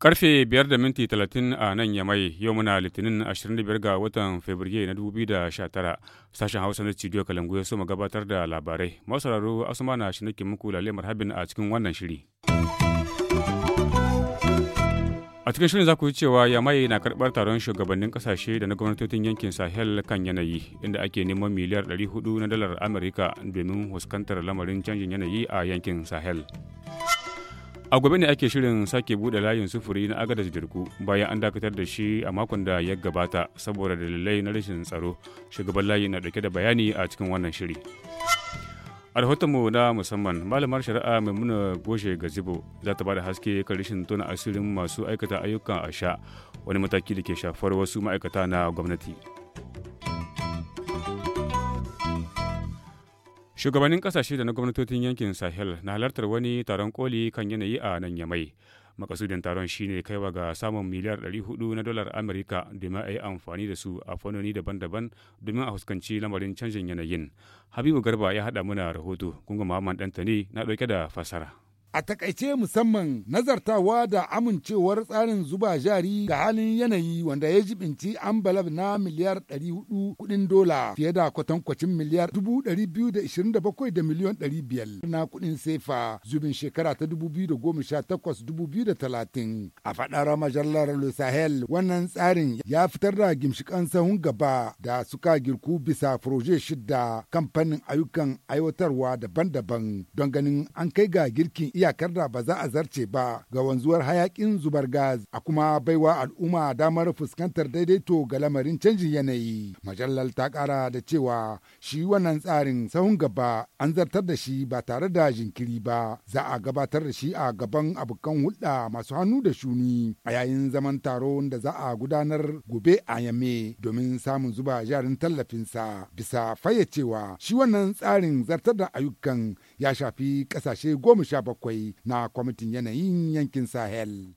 Karfe biyar da minti talatin a nan Yamai yau muna Litinin 25 ga watan Fabrairu na 2019 sashen Hausa na studio Kalangu ya ma gabatar da labarai. Masu sauraro Asuma na shi muku a cikin wannan shiri. a cikin shirin za ku yi cewa yamai na karɓar taron shugabannin kasashe da na gwamnatocin yankin sahel kan yanayi inda ake neman miliyar 400 na dalar amurka domin fuskantar lamarin canjin yanayi a yankin sahel a gobe ne ake shirin sake bude layin sufuri na agadar jirgu bayan an dakatar da shi a makon da ya gabata saboda dalilai na rashin tsaro shugaban layi na dauke da bayani a cikin wannan shiri. a mu na musamman malamar shari'a mai muna goshe gazibo za ta bada haske kan rashin tona asirin masu aikata ayyukan a sha wani mataki da ke shafar wasu ma'aikata na gwamnati shugabannin kasashe da na gwamnatocin yankin sahel na halartar wani taron koli kan yanayi a nan yamai makasudin taron shine kaiwa ga samun miliyar 400 na dolar amurka domin a yi amfani da su a fannoni daban-daban domin a fuskanci lamarin canjin yanayin habibu garba ya haɗa muna rahoto gungun muhammad ne na ɗauke da fasara A takaice musamman nazartawa da amincewar tsarin zuba jari ga halin yanayi wanda ya jibinci ambalab na miliyar 400 kudin dola fiye da kwatankwacin miliyar 227 da miliyon 500 na kudin sefa zubin shekara ta 2018-2030. A faɗar majalar Lusahel Sahel wannan tsarin ya fitar da gimshikan sahun gaba da suka girku bisa furoje shidda kamfanin ayyukan aiwatarwa daban-daban don ganin an kai ga girkin iyakar da ba za a zarce ba ga wanzuwar hayakin zubar gas a kuma baiwa al'umma damar fuskantar daidaito ga lamarin canjin yanayi. Majallar ta kara da cewa shi wannan tsarin sahun gaba an zartar da shi ba tare da jinkiri ba za a gabatar da shi a gaban abokan hulɗa masu hannu da shuni a yayin zaman taron da za a gudanar gobe a yame domin samun zuba jarin tallafinsa bisa fayyacewa shi wannan tsarin zartar da ayyukan ya shafi kasashe goma sha bakwai na kwamitin yanayin yankin Sahel.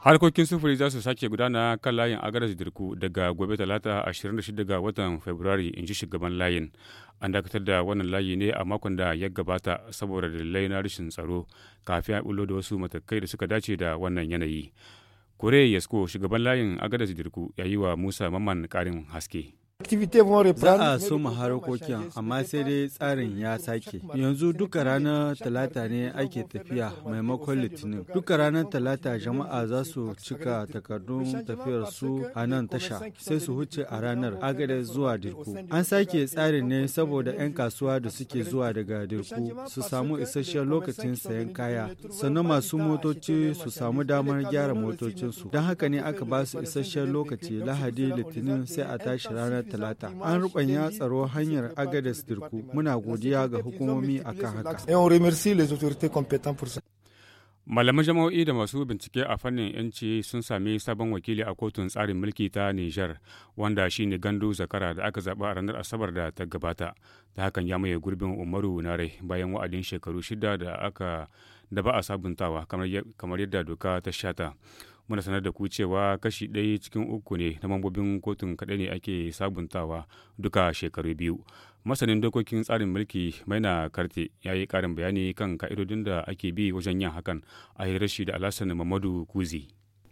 harkokin sufuri za su sake gudana kan layin agaras dirku daga gobe talata 26 ga watan februari in ji shugaban layin an dakatar da wannan layi ne a makon da ya gabata saboda dalilai na rashin tsaro kafin a bullo da wasu matakai da suka dace da wannan yanayi kore yasko shugaban layin agaras dirku ya yi wa musa maman karin haske Za a soma harkokin amma sai dai tsarin ya sake. Yanzu duka ranar talata ne ake tafiya maimakon litinin. Duka ranar talata jama'a za su cika takardun tafiyar su a nan tasha sai su huce a ranar agada zuwa dirku. An sake tsarin ne saboda 'yan kasuwa da suke zuwa daga dirku su samu isasshen lokacin sayan kaya. Sannan masu motoci su samu damar gyara motocinsu. Don haka ne aka ba su isasshen lokaci lahadi litinin sai a tashi ranar talata an rubanya tsaro hanyar agadas dirku muna godiya ga hukumomi kan haka malamai jama'o'i da masu bincike a fannin yanci sun sami sabon wakili a kotun tsarin mulki ta niger wanda shine gandu zakara da aka zaba a ranar asabar da ta gabata ta hakan ya maye gurbin umaru nare bayan wa'adin shekaru shida da aka da a sabuntawa kamar yadda doka ta shata muna sanar da ku cewa kashi ɗaya cikin uku ne na mambobin kotun kaɗai ne ake sabuntawa duka shekaru biyu masanin dokokin tsarin mulki maina karte ya yi karin bayani kan ka'idodin da ake bi wajen yin hakan a hirar da alasan mamadu kuzi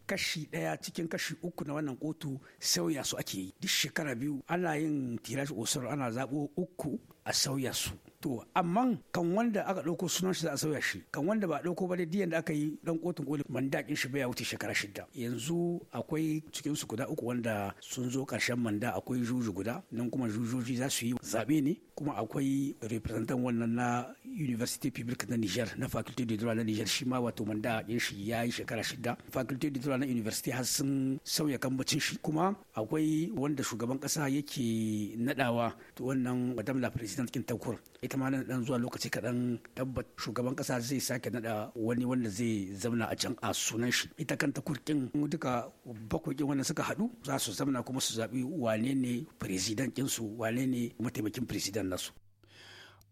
kashi ɗaya cikin kashi uku na wannan kotu sauya su ake yi duk shekara biyu ana yin tirashi osoro ana zaɓo uku a sauya su to amma kan wanda aka ɗauko sunan shi za a sauya shi kan wanda ba a ɗauko ba diyan da aka yi dan kotun koli mandakin shi bai wuce shekara shida yanzu akwai cikin su guda uku wanda sun zo karshen manda akwai juju guda nan kuma jujuji za su yi zaɓe ne kuma akwai representant wannan na university public na niger na faculty de droit na niger shi ma wato manda ɗin shi ya yi shekara shida faculty de droit na university har sun sauya kambacin shi kuma akwai wanda shugaban kasa yake nadawa wannan madam la president kin takur ita ma dan zuwa lokaci kaɗan tabbat shugaban ƙasa zai sake nada wani wanda zai zamna a can a sunan shi ita kanta kurkin duka bakwai wanda suka haɗu za su zamna kuma su zaɓi wane ne president su wane ne mataimakin president nasu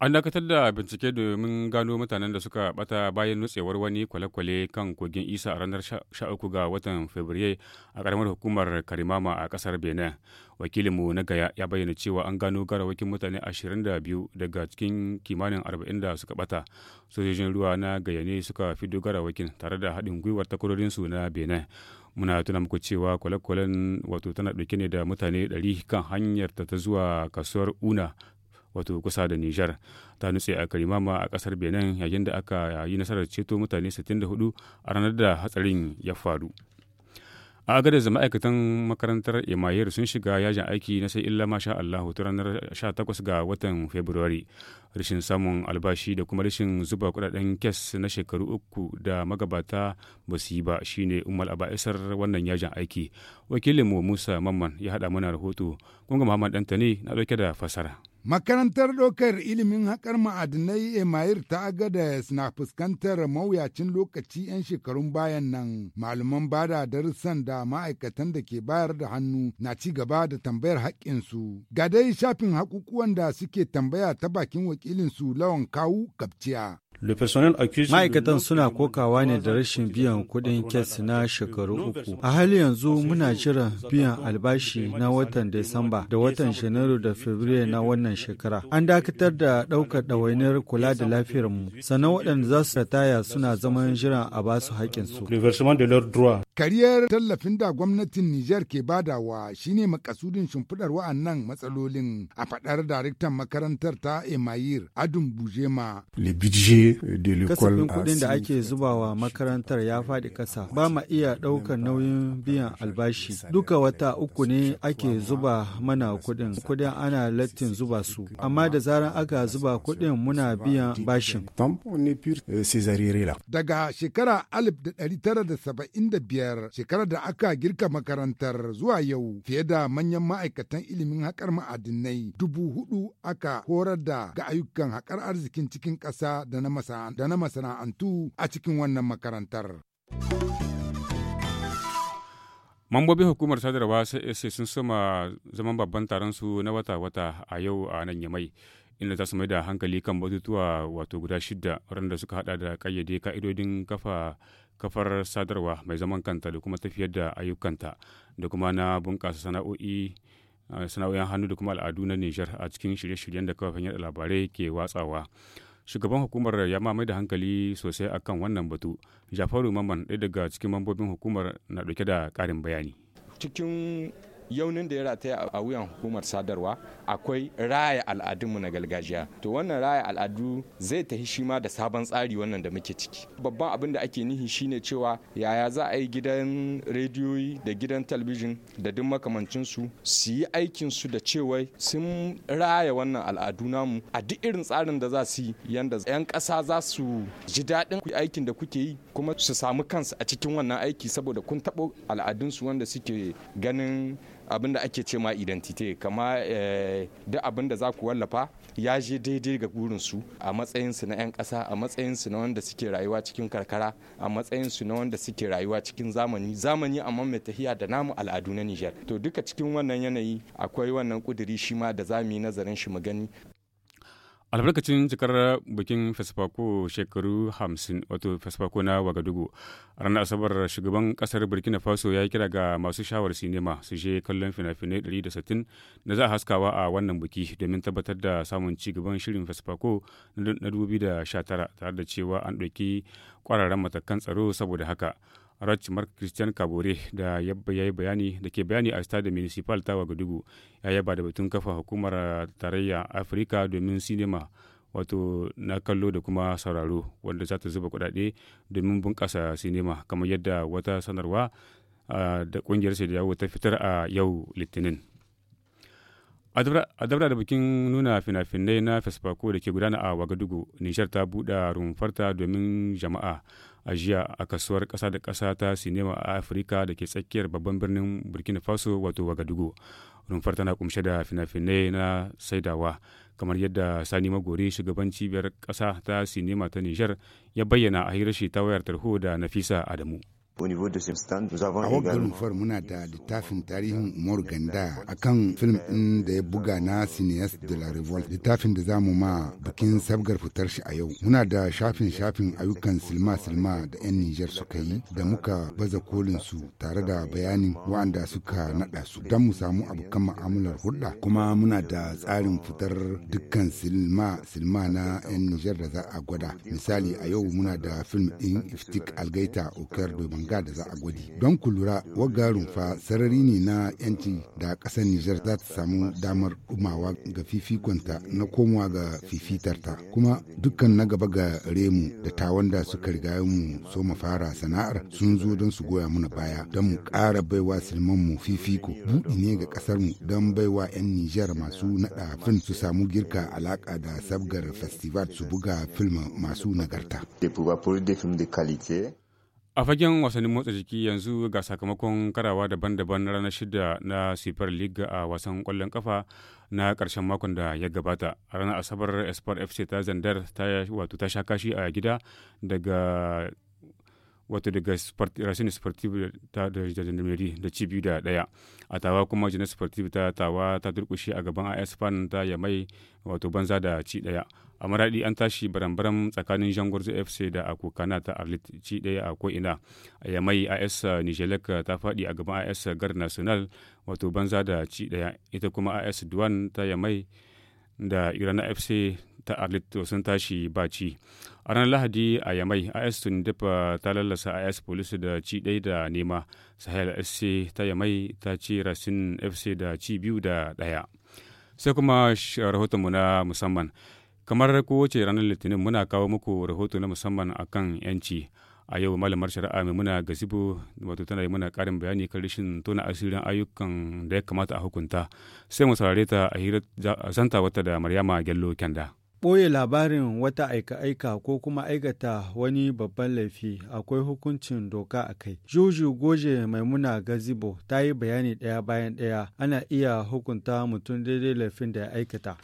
An dakatar da bincike domin gano mutanen da suka bata bayan nutsewar wani kwale-kwale kan kogin Isa a ranar 13 ga watan Fabrairu a karamar hukumar Karimama a kasar Benin. Wakilinmu na Gaya ya bayyana cewa an gano garawakin mutane 22 daga cikin kimanin 40 da suka bata. Sojojin ruwa na Gaya ne suka fido garawakin tare da haɗin gwiwar takwarorinsu na Benin. Muna tuna muku cewa kwale-kwalen wato tana ɗauke ne da mutane 100 kan hanyar ta zuwa kasuwar Una wato kusa da Nijar ta nutse a Karimama a kasar Benin yayin da aka yi nasarar ceto mutane 64 a ranar da hatsarin ya faru. a zama ma'aikatan makarantar imayir sun shiga yajin aiki na sai illa masha Allah ta ranar 18 ga watan Fabrairu rashin samun albashi da kuma rashin zuba kudaden kes na shekaru uku da magabata ba su yi ba shine umar aba'isar wannan yajin aiki wakilinmu Musa Mamman ya haɗa mana rahoto kunga Muhammad ne na ɗauke da fasara Makarantar ɗaukar ilimin haƙar ma'adinai Emayir ta agada suna fuskantar mawuyacin lokaci 'yan shekarun bayan nan malaman da darussan da ma'aikatan da ke bayar da hannu na ci gaba da tambayar haƙƙinsu. Ga dai shafin haƙuƙuwan da suke tambaya ta bakin wakilinsu lawan kawu kapciya. Ma'aikatan suna kokawa ne da rashin biyan kuɗin kes na shekaru uku. A hali yanzu muna jiran biyan albashi na watan Disamba da watan Janairu da Fabrairu na wannan shekara. An dakatar da ɗaukar ɗawainiyar kula da lafiyarmu, sannan waɗanda za su rataya suna zaman jiran a ba su haƙƙinsu. Kariyar tallafin da gwamnatin Nijar ke badawa shine makasudin shimfiɗar wa'annan matsalolin a faɗar daraktan makarantar ta Emayir Adun Bujema. Le budget budget de l'école kuɗin da ake zubawa makarantar ya faɗi ƙasa ba ma iya ɗaukar nauyin biyan albashi duka wata uku ne ake zuba mana kudin. kudin ana lattin zuba su amma da zaran aka zuba kudin muna biyan bashin daga shekara 1975 shekarar da aka girka makarantar zuwa yau fiye da manyan ma'aikatan ilimin haƙar ma'adinai dubu hudu aka horar da ga ayyukan haƙar arzikin cikin ƙasa da na da na masana'antu a cikin wannan makarantar. Mambobin hukumar sadarwa CSC sun soma zaman babban taron su na wata-wata a yau a nan Yamai. inda za su mai da hankali kan batutuwa wato guda shida waɗanda suka hada da kayyade ka'idodin kafa kafar sadarwa mai zaman kanta da kuma tafiyar da ayyukanta da kuma na bunƙasa sana'o'i eh, sana'o'in hannu da kuma al'adu na Nijar a cikin shirye-shiryen da kafafen yada labarai ke watsawa. shugaban hukumar ya mamaye da hankali sosai akan wannan batu jafaru maman ɗaya daga cikin mambobin hukumar na ɗauke da ƙarin bayani cikin yaunin da ya rataya a wuyan hukumar sadarwa akwai raya al'adunmu na gargajiya to wannan raya al'adu zai tafi shi ma da sabon tsari wannan da muke ciki babban abin da ake nihi shine cewa yaya za a yi gidan rediyoyi da gidan talabijin da duk makamancin su yi aikin su da cewa sun raya wannan al'adu namu a duk irin tsarin da za su yi yanda 'yan kasa za su ji daɗin aikin da kuke yi kuma su samu kansu a cikin wannan aiki saboda kun taɓo al'adunsu wanda suke ganin abin da ake ce ma identity kama eh, da abin da za ku wallafa ya je daidai ga su a matsayinsu na 'yan kasa a matsayinsu na wanda suke rayuwa cikin karkara a matsayinsu na wanda suke rayuwa cikin zamani zamani amma mai tahiya da namu al'adu na nijar to duka cikin wannan yanayi akwai wannan kuduri shi ma da za yi nazarin shi mu gani albarkacin cikar bikin fesfako shekaru hamsin wato fesfako na wagadugu ranar asabar shugaban kasar burkina faso ya kira ga masu shawar sinima su je kallon fina-finai 160 da za a haskawa a wannan biki domin tabbatar da samun cigaban shirin fasfako na 2019 tare da cewa an ɗauki kwararren matakan tsaro saboda haka Raj Mark Christian Kabore da ya yi bayani da ke bayani a Stade Municipal ta Wagadugu ya yaba da batun kafa hukumar tarayya Afirka domin sinima wato na kallo da kuma sauraro wanda za ta zuba kudade domin bunƙasa sinima kamar yadda wata sanarwa da kungiyar sai da yawo ta fitar a yau litinin. a dabra da bikin nuna fina-finai na fesfako da ke gudana a wagadugu nijar ta buɗe rumfarta domin jama'a a jiya a kasuwar ƙasa da ƙasa ta sinema a afirka da ke tsakiyar babban birnin burkina faso wato wagadugu rumfar tana kumshe da fina-finai na saidawa kamar yadda sani magori shugaban cibiyar ƙasa ta sinema ta nijar ya bayyana a hirashi ta wayar tarho da nafisa adamu A wagga muna da littafin tarihin Umar Ganda a kan film ɗin da ya buga na Cineas de la Revolt, littafin da zamu ma bikin sabgar fitar shi a yau. Muna da shafin shafin ayyukan silma-silma da 'yan Nijar suka yi da muka baza kolin su tare da bayanin wa'anda suka naɗa su don mu samu abokan ma'amalar hulɗa. Kuma muna da tsarin fitar dukkan silma-silma na 'yan Nijar da za a gwada. Misali a yau muna da film ɗin Iftik Algaita Okar Domin ganga da za a gwaji don ku lura wagga rumfa sarari ne na yanci da ƙasar nijar za ta samu damar umawa ga fifikonta na komawa ga fifitarta kuma dukkan na gaba ga remu da ta wanda suka riga mu so mu fara sana'ar sun zo don su goya muna baya don mu ƙara baiwa silman mu fifiko buɗi ne ga ƙasar mu don baiwa 'yan nijar masu naɗa fin su samu girka alaƙa da sabgar festival su buga film masu nagarta. A fagen wasannin motsa jiki yanzu ga sakamakon karawa daban-daban na ranar shida na Super League a wasan kwallon kafa na karshen makon da ya gabata. A ranar Asabar sport FC ta zandar ta wato ta sha kashi a gida daga wato daga rasin sportif ta da jandarmeri da ci da daya a tawa kuma janar sportif ta tawa ta durkushe a gaban as fan ta ya mai wato banza da ci daya a maradi an tashi barambaram tsakanin jangor fc da akokana ta arlit ci daya a ko'ina a mai as nijelek ta fadi a gaban as gar national wato banza da ci daya ita kuma as duwan ta ya mai da irana fc ta alito sun tashi baci a ranar lahadi a yamai is tun dafa ta lallasa is police da ci ɗaya da nema sahel sc ta yamai ta ci rasin fc da ci biyu da ɗaya sai kuma rahotonmu na musamman kamar kowace ranar litinin muna kawo muku rahoto na musamman a kan yanci a yau malamar shari'a mai muna gazibo wato tana yi muna karin bayani kan rashin tona asirin ayyukan da ya kamata a hukunta sai mu saurare ta a zanta wata da maryama gello kenda ɓoye labarin wata aika-aika ko kuma aikata wani babban laifi akwai hukuncin doka a kai. Juju Goje Maimuna Gazibo ta yi bayani ɗaya bayan ɗaya ana iya hukunta mutum daidai laifin da ya aikata.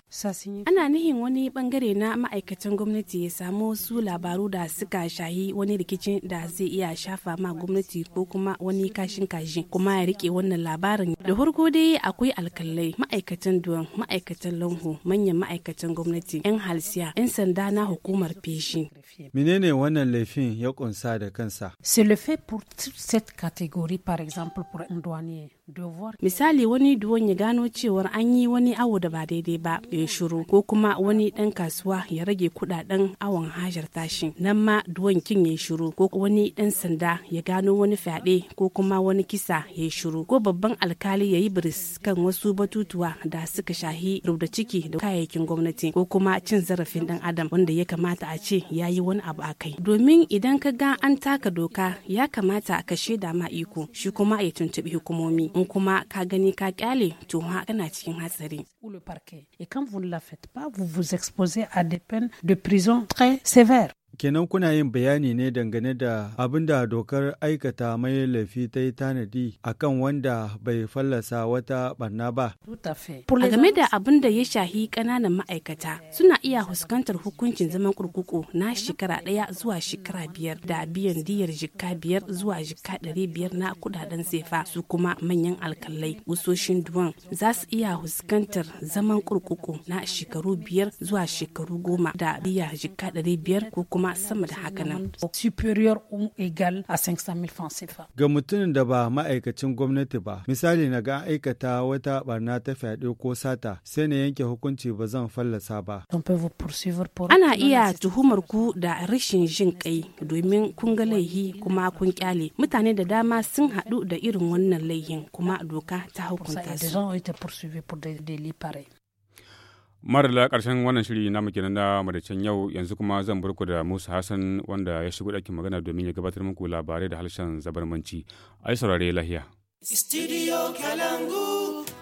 Ana nihin wani bangare na ma'aikatan gwamnati ya samu su labaru da suka shahi wani rikicin da zai iya shafa ma gwamnati ko kuma wani kashin kashi kuma ya rike wannan labarin. Da farko dai akwai alkalai ma'aikatan duwan ma'aikatan lanho manyan ma'aikatan gwamnati 'yan halsiya 'yan sanda na hukumar peshin. Menene wannan laifin ya kunsa da kansa? C'est le fait pour cette catégorie, par exemple pour un douanier. Misali wani duwan ya gano cewar an yi wani awo da ba daidai ba ya shiru ko kuma wani dan kasuwa ya rage kudaden awon hajar tashi nan ma duwan kin ya shiru ko wani dan sanda ya gano wani fyaɗe ko kuma wani kisa ya shiru ko babban alkali ya yi biris kan wasu batutuwa da suka shahi rubda ciki da kayayyakin gwamnati ko kuma cin zarafin dan adam wanda ya kamata a ce ya yi wani abu a kai domin idan ka ga an taka doka ya kamata ka shaida ma iko shi kuma ya tuntuɓi hukumomi ou parquet et quand vous ne la faites pas vous vous exposez à des peines de prison très sévères Kenan kuna yin bayani ne dangane da abin da dokar aikata mai laifi ta yi tanadi a kan wanda bai fallasa wata barna ba. A game da abin da ya shahi ƙananan ma'aikata suna iya fuskantar hukuncin zaman kurkuku na shekara ɗaya zuwa shekara biyar da biyan diyar jikka biyar zuwa jikka ɗari biyar na kudaden sefa su kuma manyan alkalai wusoshin duwan za su iya fuskantar zaman kurkuku na shekaru biyar zuwa shekaru goma da biya jikka ɗari biyar ko kuma kuma sama da haka nan superior ou egal a 500,000 francs CFA. Ga mutumin da ba ma'aikacin gwamnati ba, misali na ga aikata wata barna ta fyaɗe ko sata sai na yanke hukunci ba zan fallasa ba. Ana iya tuhumar ku da rashin jin kai domin kun ga laihi kuma kun kyale. Mutane da dama sun haɗu da irin wannan laihin kuma doka ta hukunta su. marala karshen wannan shiri na muke na madacin yau yanzu kuma zan burku da musa hassan wanda ya shigo ɗakin magana domin ya gabatar muku labarai da harshen zabarmanci ai saurare lahiya studio kalangu